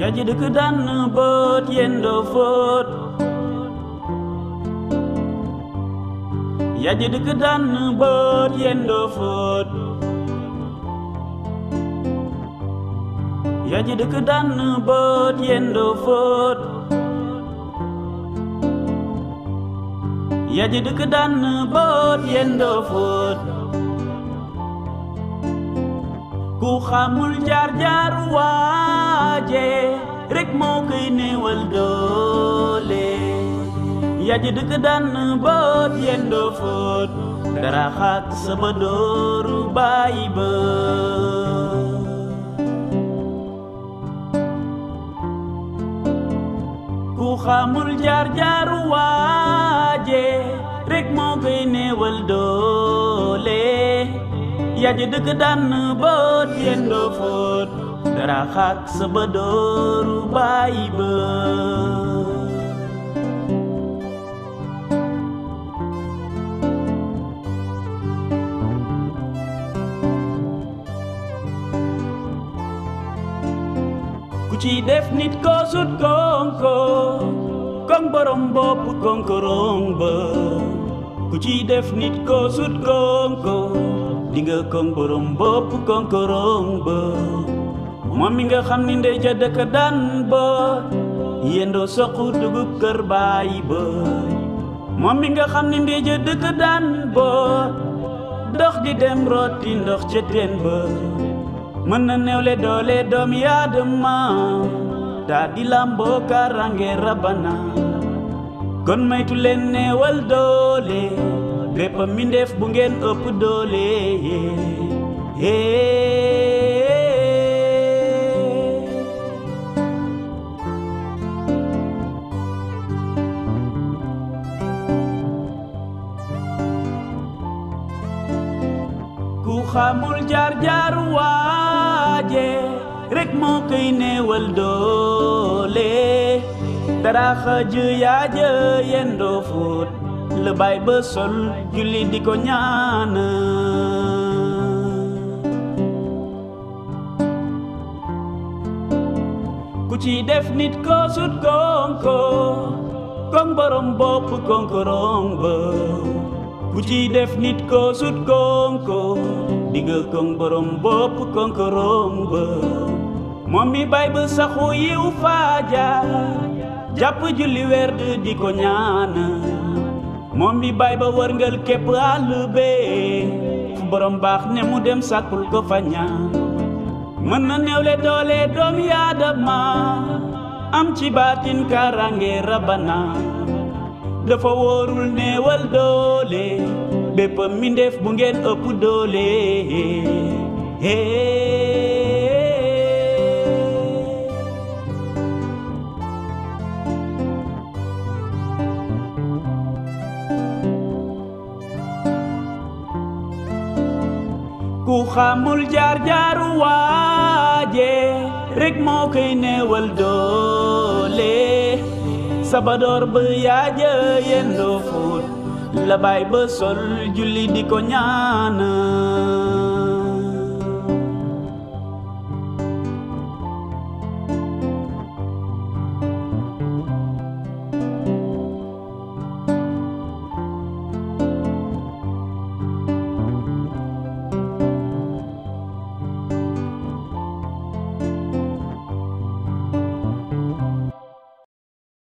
yaa ji dëkk daan bët yendoo fóot yaa ji dëkk daan bët yendoo fóot yaa ji dëkk daan bët yendoo yendoo fóot ku xamul jaar jaaru waaje rek moo koy néewal doole yaji dëkk daan boot yendoo foot dara xaat sama dooru bàyyi ku xamul jaar jaaru waaje rek moo koy néewal doole Yajidikedan bodiendo fot Derahak sebedor baibe Kuci definit ko sud kongko Kong borombo put kongko rombo Kuci definit ko sud kongko dinga kong borom bopp konkorong ba moom mi nga xam kan ndey ja dëkk dan bo yendoo soqu dugub kër baay ba moom nga xam kan ndey ja dëkk dan bo dox di dem rotti ndox ca teen ba mën na newle doole doomi aadama daa di lamboo karange rabana kon lépp mbindeef bu ngeen ëpp doole eh, eh. ku xamul jaar-jaar waaje rek moo koy néewal doole dara xëj yaa la baay ba sol julli di ko ñaana ku ci def nit ko sut konko kong borom bopp konkorong ba ku ci def nit ko sut konko digal kong borom bopp konkorong ba moom mi baay ba saxu yiw faaja jàpp julli werd di ko ñaana moom bi bay ba wërngal képp àll bee fu borom baax ne dem sàkkul ko fa ñaan mën na néewle doole doomi aadama am ci baatin karange rabana dafa wóorul néewal doole bépp mbindeef bu ngeen ëpp doole ku xamul jaar jaaru waaje rek moo koy neewal doole sabadoor ba yaaja yendoo fóot la baay ba sol di ko